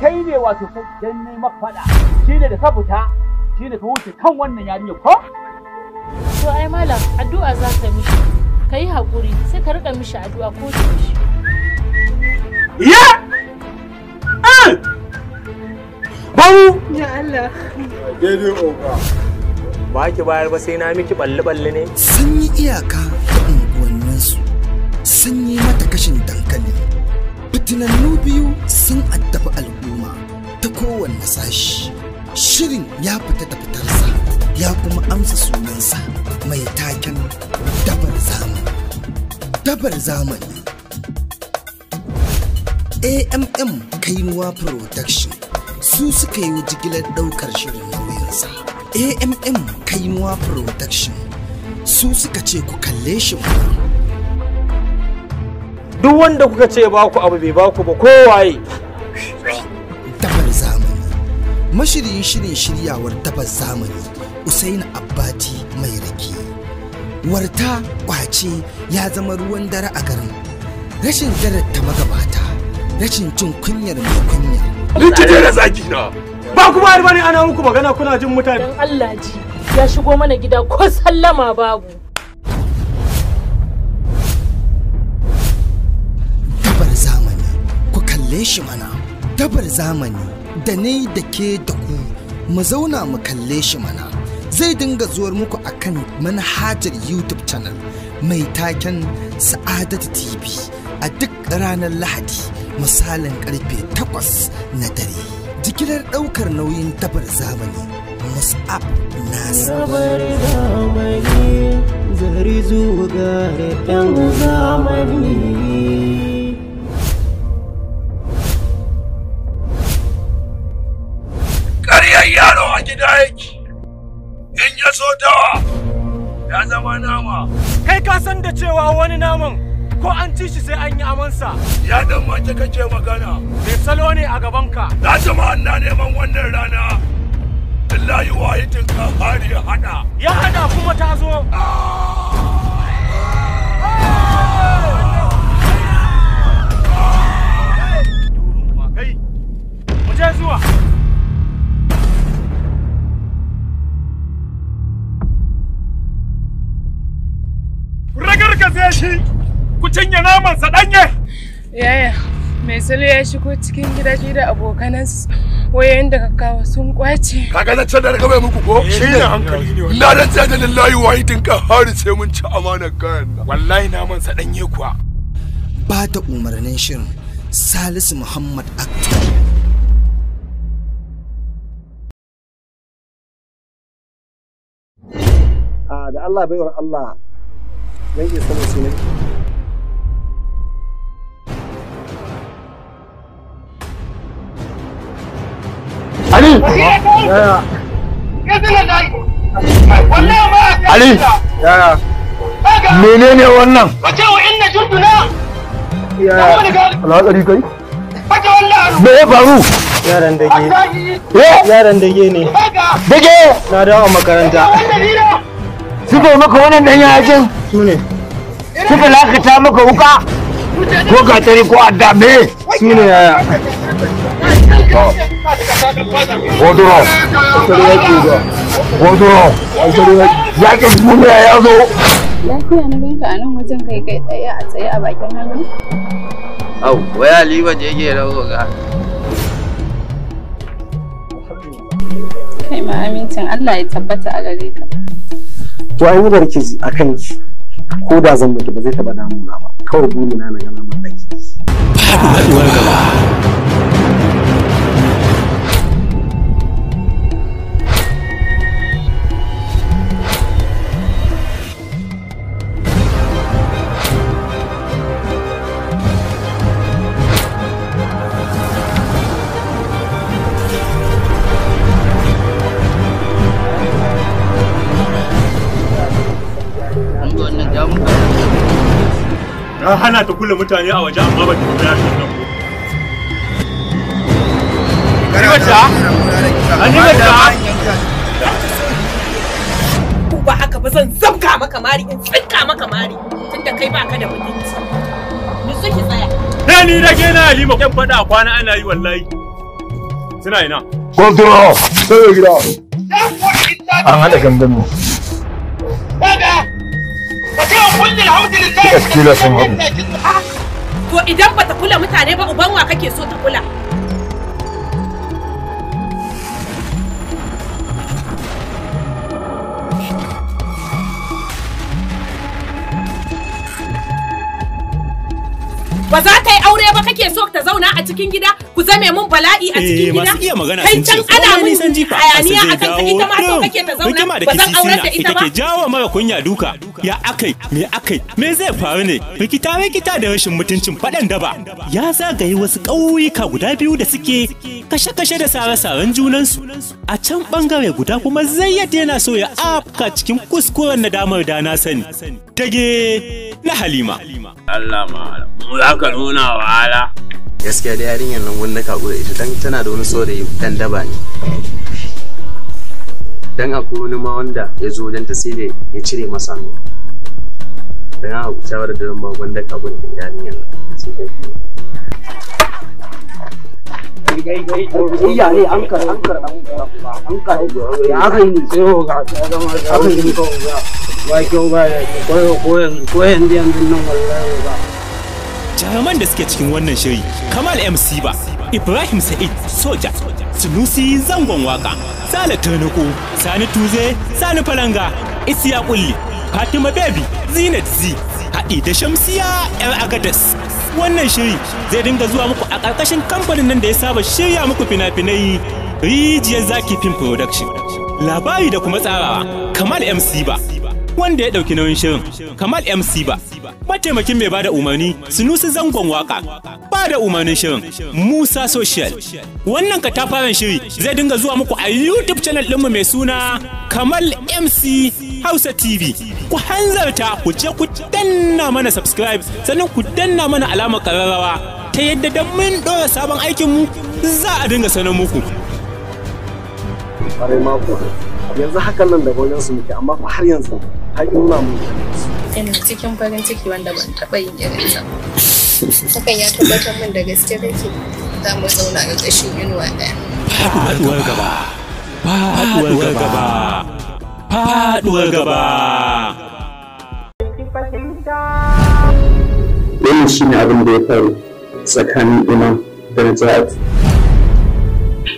kai ne wato kai dan ne mafada ne da ka shi ne ka wuce kan wannan yarinya ko to ai malam addu'a za ka mishi ka yi hakuri sai ka rika mishi addu'a ko da shi ya eh! Bawu! Ya Allah! Daidai oga. Ba ki bayar ba sai na miki balle-balle ne. Sun yi iyaka ta unguwanninsu, sun yi mata kashin dankali. Fitinannu biyu sun addabi al'umma. ta kowanne sashi shirin ya fita da fitarsa ya kuma amsa sunansa mai taken dabar zamani dabar zamani amm kainuwa production su suka yi jigilar daukar shirin nauyinsa amm kainuwa production su suka ce ku kalle shi duk wanda kuka ce baku abu bai baku ba kowaye mashiryin shirin shiryawar tabar zamani usain abbati mai rake warta kwace ya zama ruwan dare a garin rashin ta magabata rashin cin kunyar mai kunya rikice da zaki na ba kuma ba bane ana muku magana kuna jin mutane dan Allah ji ya shigo mana gida ko sallama babu dabar zamani ku kalle shi mana dabar zamani da ni da ke da ku mu zauna mu kalle shi mana zai dinga zuwar muku akan manhajar YouTube channel mai taken sa'adat TV a duk ranar Lahadi misalin karfe 8 na dare. Jikilar ɗaukar nauyin tabar zamani Mus'ab Nasir. zari zamani. ya so dawa ya zama nama kai ka san da cewa wani naman ko an ci shi sai an yi amansa ya dan mace kake magana me salo ne a gabanka na jama'a na neman wannan rana Lallayi wayitin ka hari ya hada. Ya hada kuma ta zo. Jesus! wargaze shi ku cinye namansa ɗanye. Yaya, mai salo ya shigo cikin gida shi da abokanansu wayoyin da kakawa sun kwace. Kaga zancen da rika bai muku ko? Eh, shi ne hankali ne wannan. Na rantsa da lillahi wa hidin ka hari sai mun ci amanar kayan nan. Wallahi naman sa ɗanye kuwa. Ba da umarnin shirin Salisu Muhammad Akhtar. Ah, da Allah baiwar Allah you so much, Ali! Ali! Yaya? Menene wannan? Yaya? Alhatsari kai? Me ya faru? Yaran dage. Eh? Yaran dage ne. Dage! Na dawo makaranta. Suka maka wannan dan yajin? su ne suka lakata maka wuka ko gatari ko addabe su ne yaya Godoro Godoro yakin duniya ya zo lafiya na binka anan nan wajen kai kai tsaye a tsaye a bakin hannu au waya liba je ke rawo ga kai ma amincin Allah ya tabbata a gare ka to an yi barkizi a kanki ko da zan mutu ba zai taɓa damuna ba kawai burina na na gana mallaki. Faɗuwar gaba. ka hana ta kula mutane a waje amma ba ta kula yashin nan ko Alimata! Alimata! Ba haka ba zan zabka maka mari in tsinka maka mari tunda kai ba ka da mutunci. Ni suke tsaya. Da ni da ke na Halima kyan faɗa kwana ana yi wallahi. Suna ina. Gwamnati! Sai gida! An haɗa gangan mu. Gaskiya sun hagu. To idan bata kula mutane ba uban wa kake so ta kula? ba za ta yi aure ba kake so ta zauna a cikin gida ku zame mun bala'i a cikin eh, gida masu iya magana sun ce ana mun hayaniya a kan ita ma so kake ta zauna ba zan aure da ita ba ke jawo mara kunya duka ya akai me akai me zai faru ne rikita rikita da rashin mutuncin faɗan daba ya zagaye wasu ƙauyuka guda biyu da suke kashe-kashe da sare-saren junansu a can bangare guda kuma zayyad yana so ya afka cikin kuskuren nadamar da na sani tage na halima Allah ma za suka nuna wahala gaskiya da yarinyar nan wanda ka gure ita dan tana da wani saurayi dan daba ne dan akwai wani ma wanda ya zo wajen ta sai ya cire masa ne dan haka shawara da ran ba da yarinyar nan sai kai Iya ne an kar an kar an kar an kar ya ga ba kyau ba da koyo koyon jaruman da suke cikin wannan shiri kamal mc ba ibrahim sa'id soja sunusi zangon waka sale tanuku sani tuze sani falanga isiya kulli fatima baby zinat z haɗi da shamsiya yar agadas wannan shiri zai dinga zuwa muku a ƙarƙashin kamfanin nan da ya saba shirya muku fina-finai rijiyar zaki fim production labari da kuma tsarawa kamal mc ba wanda ya ɗauki nauyin shirin Kamal MC ba, mataimakin mai bada umarni Sunusi zangon waka, bada umarnin shirin Musa Social. Wannan katafaren shiri zai dinga zuwa muku a YouTube channel ɗinmu mai suna Kamal MC Hausa TV. Ku hanzarta ku je ku danna mana subscribe sannan ku danna mana alamar kararrawa ta yadda da mun ɗora sabon aikinmu za a dinga sanar muku. yanzu hakan nan da wajen su muke amma har yanzu har nuna mu ina cikin farin ciki wanda ban taɓa yin irin sa hakan ya tabbatar min da gaske kake za mu zauna a ƙarshen inuwa ɗaya faɗuwar gaba faɗuwar gaba faɗuwar gaba wannan shi ne abin da ya faru tsakanin imam da Najat.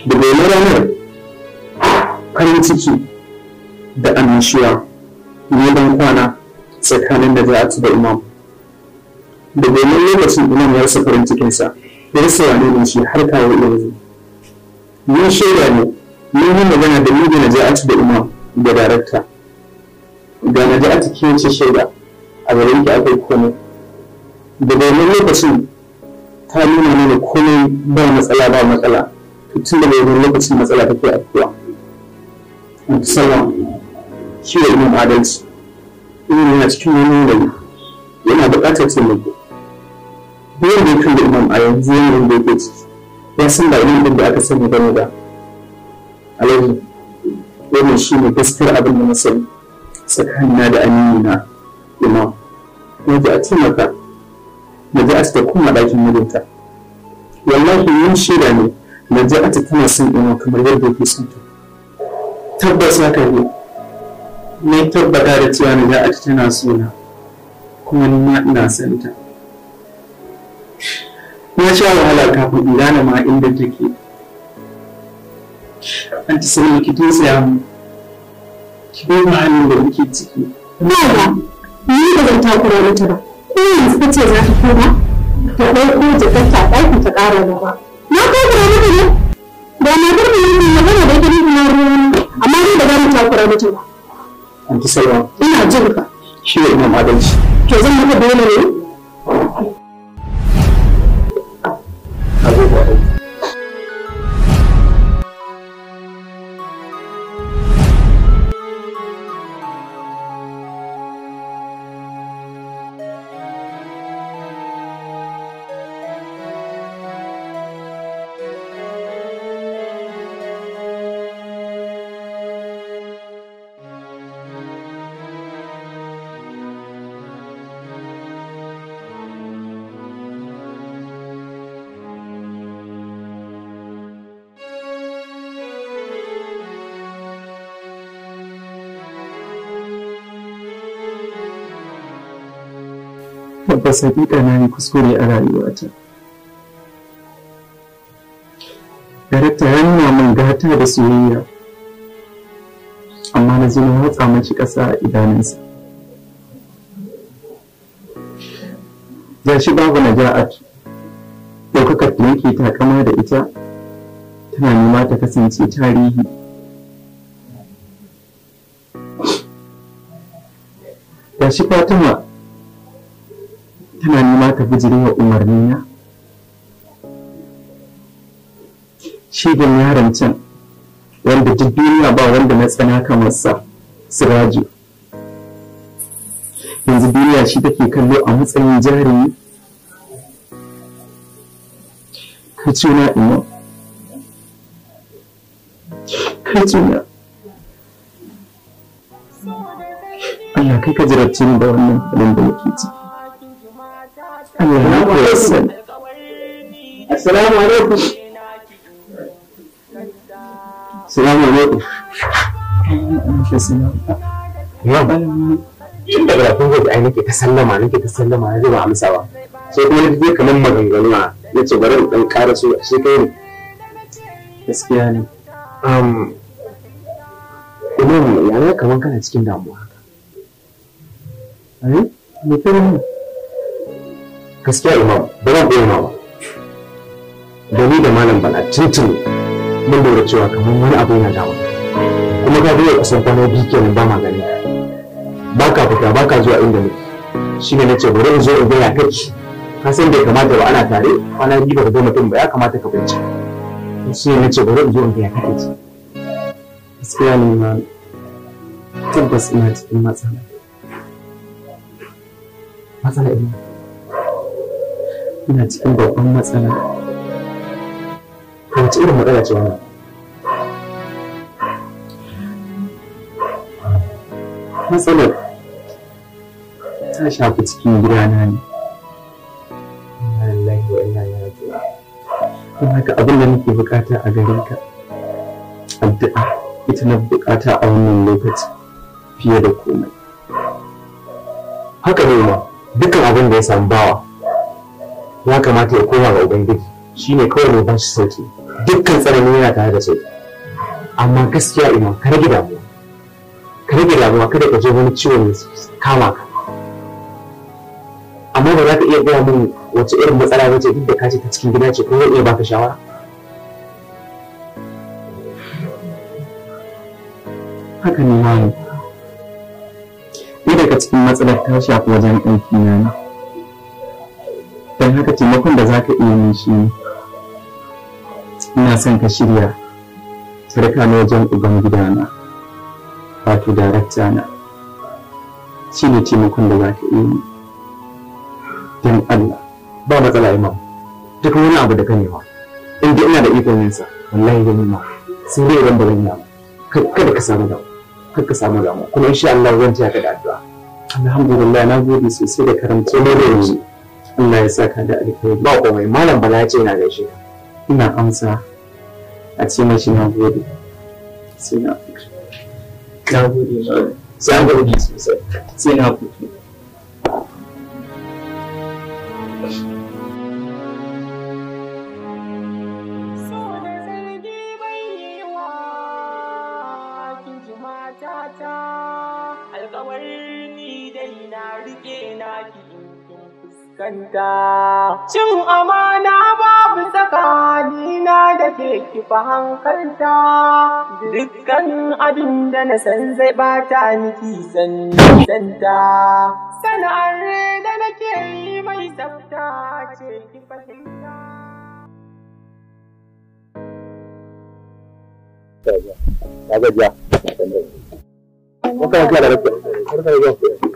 Daga ranar farin ciki da annashuwa neman kwana tsakanin da za a ci da imam da domin lokacin imam ya rasa farin cikinsa ya rasa wane ne shi har kawo yanzu mun shaida ne mun yi magana da mu a ci da imam da darakta ga naja'atu ke ce shaida a garin ki akwai komai da domin lokacin ta nuna mana komai ba matsala ba matsala tun da domin lokacin matsala take afkuwa. Sallam. shi da adalci ilimin yana cikin wani yanayi yana buƙatar taimako bayan da yake da a yanzu yanayin da yake ciki ya san da ilimin da aka sani bane da alaihi wannan shi ne gaskiyar abin da na sani tsakanina da aminina imam na ji a taimaka na ji a ta kuma ɗakin mijinta wallahi yin shaida ne na ji a ta tana son imam kamar yadda yake son ta tabbas haka ne na tabbata da cewa na a tana suna kuma ni ma ina son ta na sha wahala kafin in gane ma inda take ta sanin ki tun tsaya mu ki bai ma hannun da kuke ciki ba ba ni ba zan takura mata ba ko yanzu ta ce za ta koma ta ɗauko ta ɗaki ta ƙara gaba na takura mata ne ba na gurbin na magana da ita ruwa amma ni ba za mu takura mata ba Anti Salma. Ina jin ka. Shi ne ina adalci. To zan maka dole ne? tabbas hakika na yi kuskure a rayuwata darakta ya nuna min gata da soyayya amma na zo na watsa ƙasa a idanunsa ya shi babu ja'ar, ɗaukakar da yake takama da ita tana nema ta kasance tarihi ya shi fatima tana nema ta bijirin wa umarni na shigan yaron can wanda duk duniya ba wanda na tsana kamar sa siraju yanzu duniya shi take kallo a matsayin jarumi ka na ina ka Allah kai ka jarabce ni da wannan halin da nake ciki Assalamu alaikum. Assalamu alaikum. Tun daga da kun gobe ai nake ta sallama nake ta sallama na ba amsa ba. Sai kuma nake kamar maganganu na ce bari in dan ƙara so sai kai ne. Gaskiya ne. Um, Imam, yana kamar kana cikin damuwa. Ai, me ne? gaskiya imam ba zan ma ba da ni da malam bala tuntun mun lura cewa kamar wani abu yana dawo kuma ka zuwa kusan kwana biyu kenan ba magani ba ka fita ba ka zuwa inda ne shi ne na ce bari in zo in gaya kai ka san bai kamata ba ana tare kwana biyu ba ka zo mutum ba ya kamata ka bincika shi ne na ce bari in zo in gaya ci gaskiya ne ma tabbas ina cikin matsala matsala ina ina cikin babban matsala wace irin matsala ce wannan matsalar ta shafi cikin gidana ne Allahi wa ina ya don haka abin da nake bukata a ka addu'a ita na bukata a wannan lokaci fiye da komai haka ne ma dukkan abin da ya samu bawa ya kamata ya koma ga ubangiji shine kawai mai bashi sauki dukkan tsanani yana tare da sauki amma gaskiya ina kar gida mu kar gida mu kada ka je wani ciwon ya kama ka amma ba za ka iya gaya min wace irin matsala ba ce duk da ka ce ta cikin gida ce ko zan iya baka shawara haka ne ma ne daga cikin matsalar ta shafi wajen aiki na ne haka taimakon da za ka iya min shi ina son ka shirya sarka na wajen ubangidana wato darakta na shi ne taimakon da za ka iya yi. don Allah ba matsala imam duk wani abu da ka nema in dai ina da ikon yinsa wallahi zan yi ma sai dai idan ba zan kada ka samu damu kada ka samu damu kuma insha Allah zan ya ka da addu'a alhamdulillah na gode sosai da karamci da Allah ya saka da alkhairi ba ko mai malam bala ce na gaishe ina amsa a ce mai shi na gode sai na na gode malam sai an gode sosai sai na gode alkawari ni dai na rike na ki in kanta. Cin amana babu na da ke kifa hankalta, dukkan abin da na san zai bata miki santa. Sana'ar da nake yi mai tsafta ce ki fahimta. Ka gajiya, gajiya.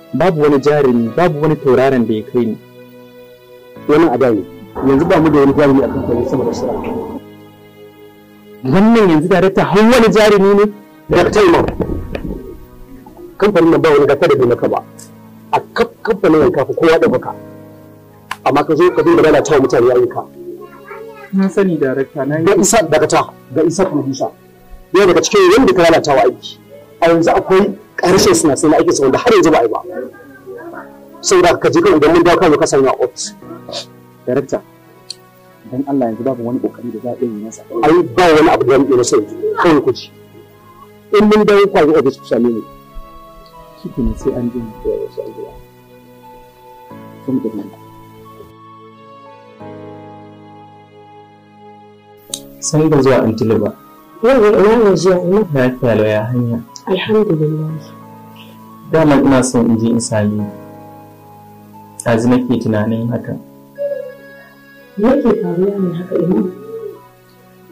babu wani jarumi babu wani tauraron da ya kai ni wani a ne yanzu ba mu da wani jarumi a kan kwanye sama da sura wannan yanzu darakta har wani jarumi ne da taimon kamfanin nan ba wani gata da bai maka ba a kamfanin yanka kafa kowa da baka amma ka zo ka zo magana ta mutane ayyuka na sani darakta na yi ga isa daga ta ga isa producer yau daga cikin wanda ka lalata wa aiki a yanzu akwai karshen suna sai na aiki sa wanda har yanzu ba a yi ba da ka ji kan idan mun dawo kasan ka ofis darakta dan Allah yanzu babu wani kokari da za a iya yi masa ai ba wani abu da yake sai yanzu ku ji in mun dawo kan ofis ku same ne kike ne sai an ji mu da wasu abubuwa kuma da nan sai da zuwa antiliba yau yau zuwa ina da ya hanya Alhamdulillah. Dama ina son in je in sami ɗazu nake tunanin haka. yake faruwa ne haka ina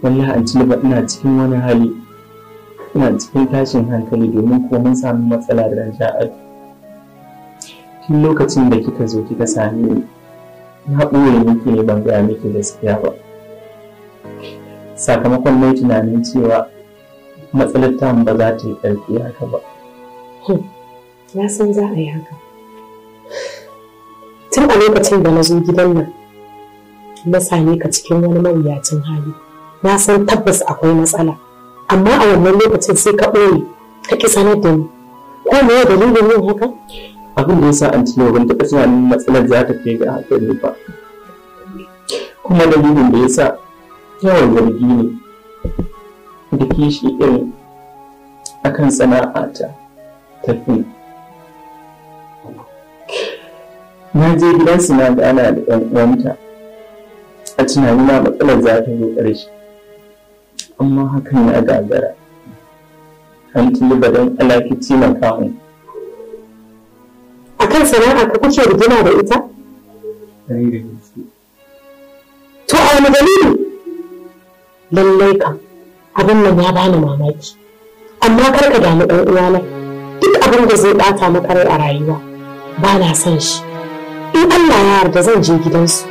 Wallahi an ba ina cikin wani hali. Ina cikin tashin hankali domin ko mun samu matsala da ran sha'ar. Tun lokacin da kika zo kika sami ni, na ɓoye miki ne ban gaya miki gaskiya ba. Sakamakon mai tunanin cewa matsalar ba za ta yi ƙarfi haka ba. Hmm. Na san za a yi haka. Tun a lokacin da na zo gidan nan, na same ka cikin wani mawuyacin hali. Na san tabbas akwai matsala, amma a wannan lokacin sai ka ɓoye, ka ƙi sanar da ni. Ko me ya dalilin yin haka? Abin da ya sa an tuno ban taɓa tunanin matsalar za ta kai ga haka ne ba. Kuma dalilin da ya sa yawan zargi ne. da kishi irin akan sana'a ta tafi na je gidan na gana da ɗan uwanta a tunani na matsalar za ta zo ƙarshe amma hakan ya gagara hantu badan alakici makamu a kan sana'a ka kuke rigina da ita? to a wani dalili lallai ka. abin nan ya bani mamaki amma kar ka damu ɗan uwana duk abin da zai bata maka rai a rayuwa ba na son shi in Allah ya yarda zan je gidansu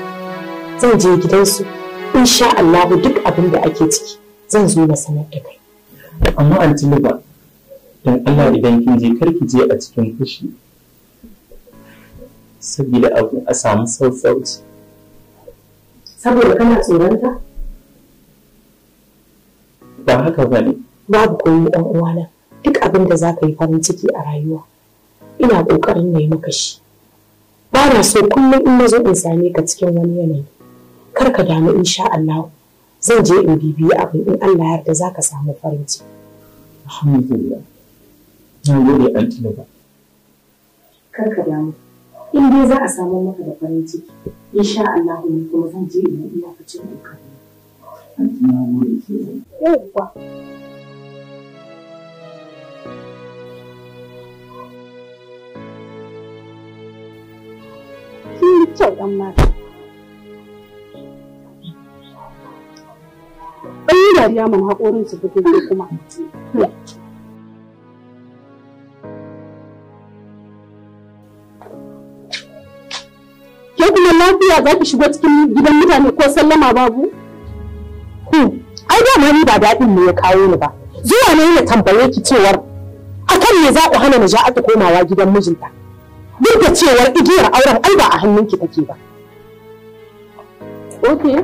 zan je gidansu insha Allah duk abin da ake ciki zan zo na sanar da kai amma an ci ba dan Allah idan kin je kar ki je a cikin fushi saboda abu a samu sassauci saboda kana tsoron ba haka ba ne babu koyo ɗan uwana duk abin da za ka yi farin ciki a rayuwa ina ƙoƙarin na yi maka shi ba na so kullum in nazo in same ka cikin wani yanayi kar ka damu insha Allah zan je in bibiyi abin in Allah ya yarda za ka samu farin ciki alhamdulillah na gode anti ba kar ka damu in dai za a samu maka da farin ciki insha Allah ne kuma zan je in yi iyakacin ƙoƙari na gode sosai. Yawwa. Kin kyau ɗan mata. Ɗan yi dariya mana haƙorin su fito kuma. Ke kuma lafiya za ki shigo cikin gidan mutane ko sallama babu? dama ba daɗin ne ya kawo ni ba zuwa ne ya tambaye ki cewar akan me za ku hana aka komawa gidan mijinta duk da cewar igiyar auren ai ba a hannunki take ba okay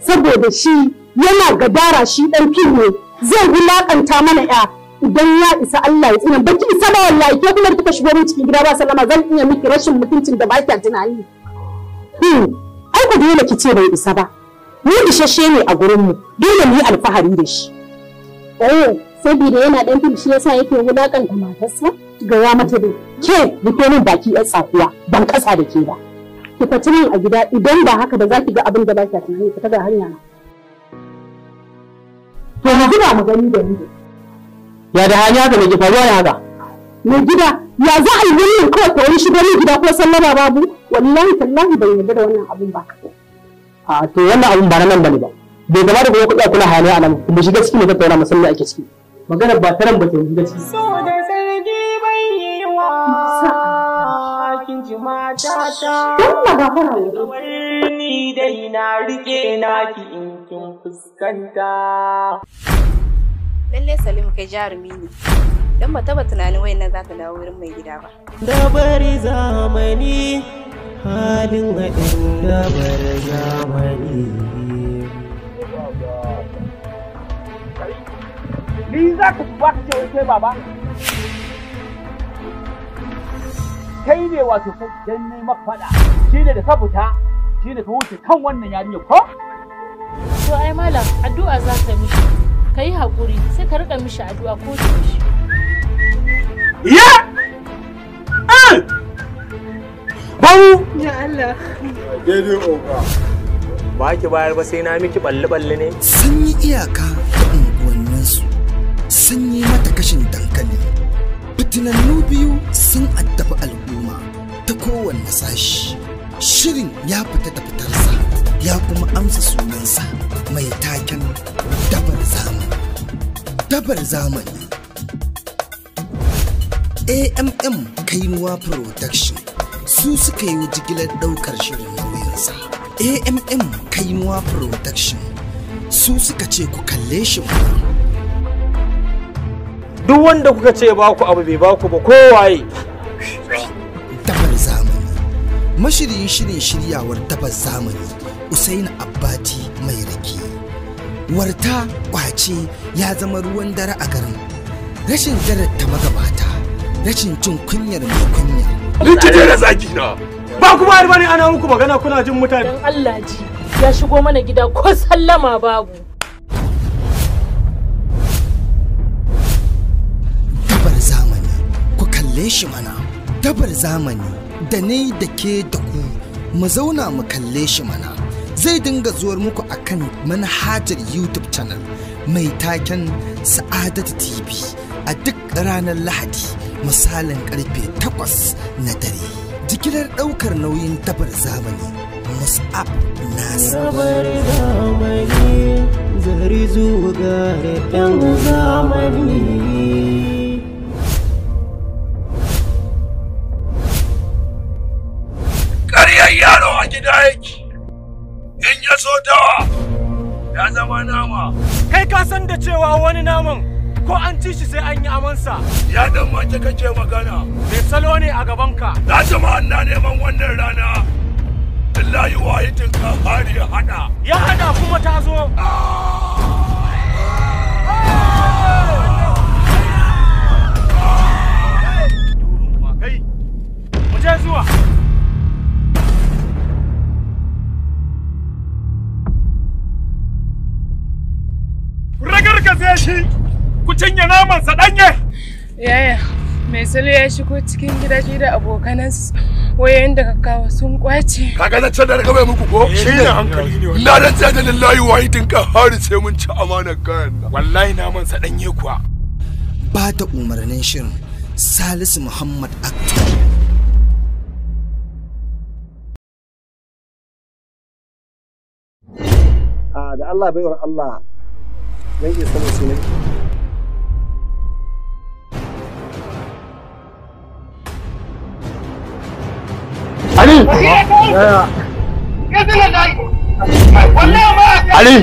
saboda shi yana gadara shi dan fil ne zai wulakanta mana ya idan ya isa Allah ya tsina baki isa ba wallahi ke kuma kika shigo mu cikin gida ba sallama zan iya miki rashin mutuncin da ba kya tunani hmm ai ku dole ki ce bai isa ba mu isasshe ne a gurinmu dole mu yi alfahari da shi oh saboda yana dan fim shi yasa yake da matarsa gaya mata dai ke rufe min baki yan safiya ban kasa da ke ba ki fita min a gida idan ba haka ba za ki ga abin da ba ki tunani ta ga hanya na to mu gida mu gani da ni ya da hanya ga mai faruwa ya ga mai gida ya za a yi wannan kawai ka wani shigar gida ko sallama babu wallahi tallahi bai yarda da wannan abin ba a to wannan abun ba na nan bane ba bai gaba da kuma kuɗi a kula hali a nan kuma shiga ciki ne tattauna musamman ake ciki magana ba taran ba ta shiga ciki Ni dai na rike na ki in kin fuskanta. Lalle Salimu kai jarumi ne. Dan ba taba tunanin wayannan zaka dawo wurin mai gida ba. Da bari zamani halin a inda bar zamani ni za ka ba ka ce kai baba kai ne wato kai dan ne mafada shi ne da ka fita shi ne ka wuce kan wannan yarinya ko to ai malam addu'a za ka mishi ka yi haƙuri sai ka riƙa mishi addu'a ko da ya Bau! Ya Allah. Daidai oga. Ba ki bayar ba sai na miki balle-balle ne. Sun yi iyaka unguwanninsu. Sun yi mata kashin dankali. Fitinannu biyu sun addabi al'umma ta kowanne sashi. Shirin ya fita da fitarsa ya kuma amsa sunansa mai taken dabar zamani. Dabar zamani. AMM Kainuwa Production. su suka yi jigilar ɗaukar shirin nauyinsa. AMM Kainuwa Production su suka ce ku kalle shi Duk wanda kuka ce ba ku abu bai ba ku ba kowaye. Dabar zamani. Mashiryin shirin shiryawar dabar zamani Usain Abbati mai riki, Warta kwace ya zama ruwan dare a garin. Rashin jarar ta magabata. rashin jin kunyar mai kunya rikice da zaki na ba kuma ba bane ana muku magana kuna jin mutane dan Allah ji ya shigo mana gida ko sallama babu dabar zamani ku kalle shi mana dabar zamani da ni da ke da ku mu zauna mu kalle shi mana zai dinga zuwar muku akan manhajar YouTube channel mai taken Sa'adatu TV a duk ranar Lahadi misalin karfe 8 na dare jikilar ɗaukar nauyin tabar zamani musab zamani zari zuwa yan zamani yaro a gida yake in ya so dawa ya zama nama kai ka san da cewa wani naman ko an ci shi sai an yi amansa. Ya ɗan ma kake magana. Mai salo ne a gabanka. Na jama'an na neman wannan rana. Lillahi wahitin ka hari hada. haɗa. Ya haɗa kuma ta zo. Ah! cinye naman sa danye. Yaya, mai salo ya shigo cikin gida shi da abokanansu Wayoyin da kawo sun kwace. Kaga na can da raka bai muku ko? Eh, shi ne hankali ne. Na da ta da lallahi wa idin ka har sai mun ci amanar kayan nan. Wallahi naman sa danye kuwa. Ba da umarnin shirin Salisu Muhammad Akhtar. Ah, da Allah baiwar Allah don isa musulmi Ali!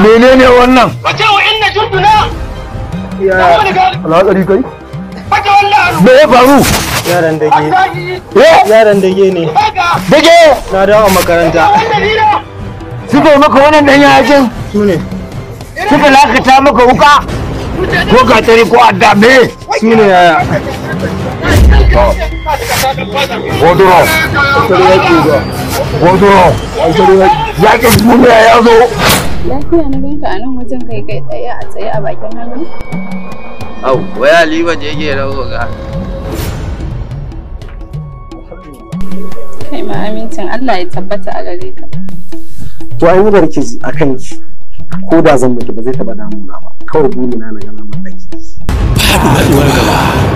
Menene wannan? Wace wa inna jurduna? ne. Dage! Na dawo makaranta. Suka maka wannan dan yajin? Su lakata maka wuka? Ko gatari ko addabe? Su ne Bodurov. Bodurov. Yakin duniya ya zo. Lafiya na ganka a nan wajen kai kai tsaye a tsaye a bakin hannu. Au, waya liwa da yake rawo ga. Kai ma amincin Allah ya tabbata a gare ka. To ai mubar ki a Ko da zan mutu ba zai taba damuna ba. Kawai buri na na gana mallaki. Babu haɗuwar gaba.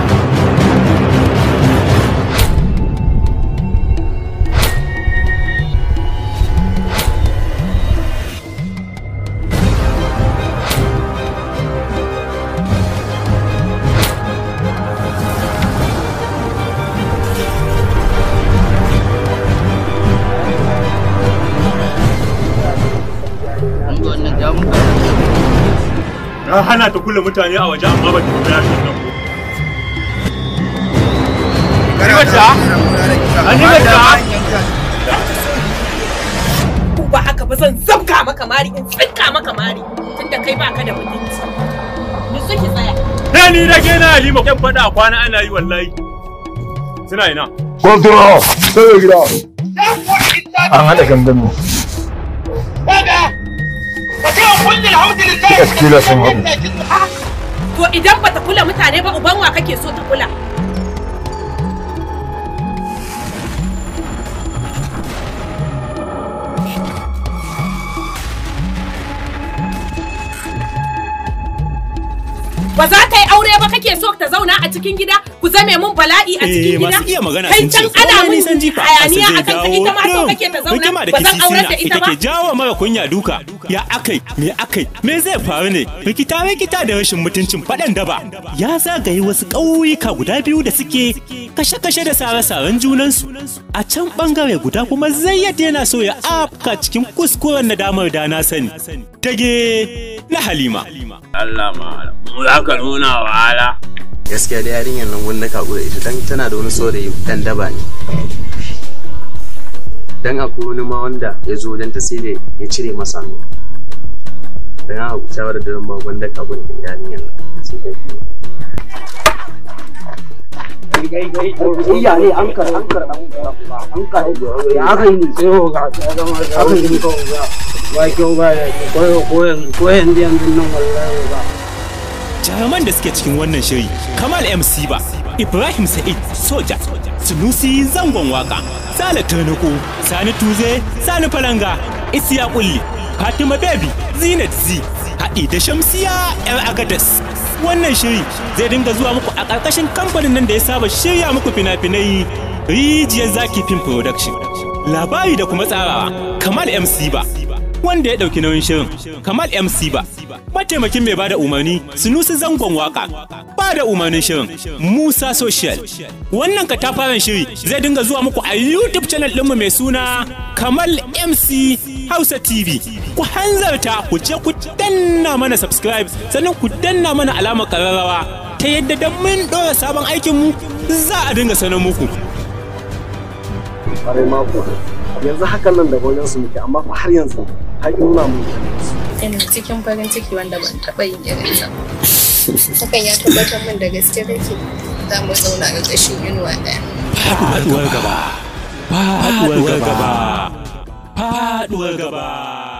ka hana ta kulle mutane a waje amma ba ta kula shi nan ko Anibata Anibata ba haka ba zan zabga maka mari in tsinka maka mari tunda kai ba ka da mutunci ni suke tsaya ne ni rage na halima kan fada kwana ana yi wallahi suna ina Kontrol! Sai gida! An haɗa gangan mu. Daga! Gaskiya sun haɗu. To idan bata kula mutane ba uban wa kake so ta kula? ba za ta yi aure ba kake so ta zauna a cikin gida ku zame mun bala'i a cikin eh, gida masu yi magana sun ce ana mun hayaniya akan ta ita ma so kake ta zauna ba zan aure ta ita ba ke jawo mara kunya duka ya akai me akai me zai faru ne rikita rikita da rashin mutuncin fadan daba ya zagaye wasu ƙauyuka guda biyu da suke kashe-kashe da sare-saren junansu a can bangare guda kuma zai yadda yana so ya afka cikin kuskuren nadamar da na sani tage na halima Allah ma ka nuna wahala gaskiya da yarinyar nan wanda ka gura ita dan tana da wani saurayi dan daba ne dan akwai wani ma wanda ya zo wajen ta sai ya cire masa hannu dan haka shawarar da ba wanda ka gura da yarinyar nan sai iya ne an kar an kar an kar ya aka yi tsayo ga ya zama abin da ko ga ba kyau ba ya koyo koyan koyan da yanzu nan wallahi ba jaruman da suke cikin wannan shiri kamal mc ba ibrahim sa'id soja sunusi zangon waka sale tanuku sani tuze sani falanga isiya kulli fatima baby zinat z haɗi da shamsiya yar agadas wannan shiri zai dinga zuwa muku a ƙarƙashin kamfanin nan da ya saba shirya muku fina-finai rijiyar zaki film production labari da kuma tsarawa kamal mc ba wanda ya ɗauki nauyin shirin kamal mc ba mataimakin mai bada umarni sunusi zangon waka da umarnin shirin musa social wannan katafaren shiri zai dinga zuwa muku a youtube channel ɗinmu mai suna kamal mc hausa tv ku hanzarta ku ce ku danna mana subscribe sannan ku danna mana alamar kararrawa ta yadda da mun ɗora sabon aikinmu za a dinga sanar muku. yanzu hakan nan da wajen su muke amma fa har yanzu har nuna mu ina cikin farin ciki wanda ban taba yin irin sa hakan ya tabbatar min da gaske kake za mu zauna a ƙarƙashin inuwa ɗaya faɗuwar gaba faɗuwar gaba faɗuwar gaba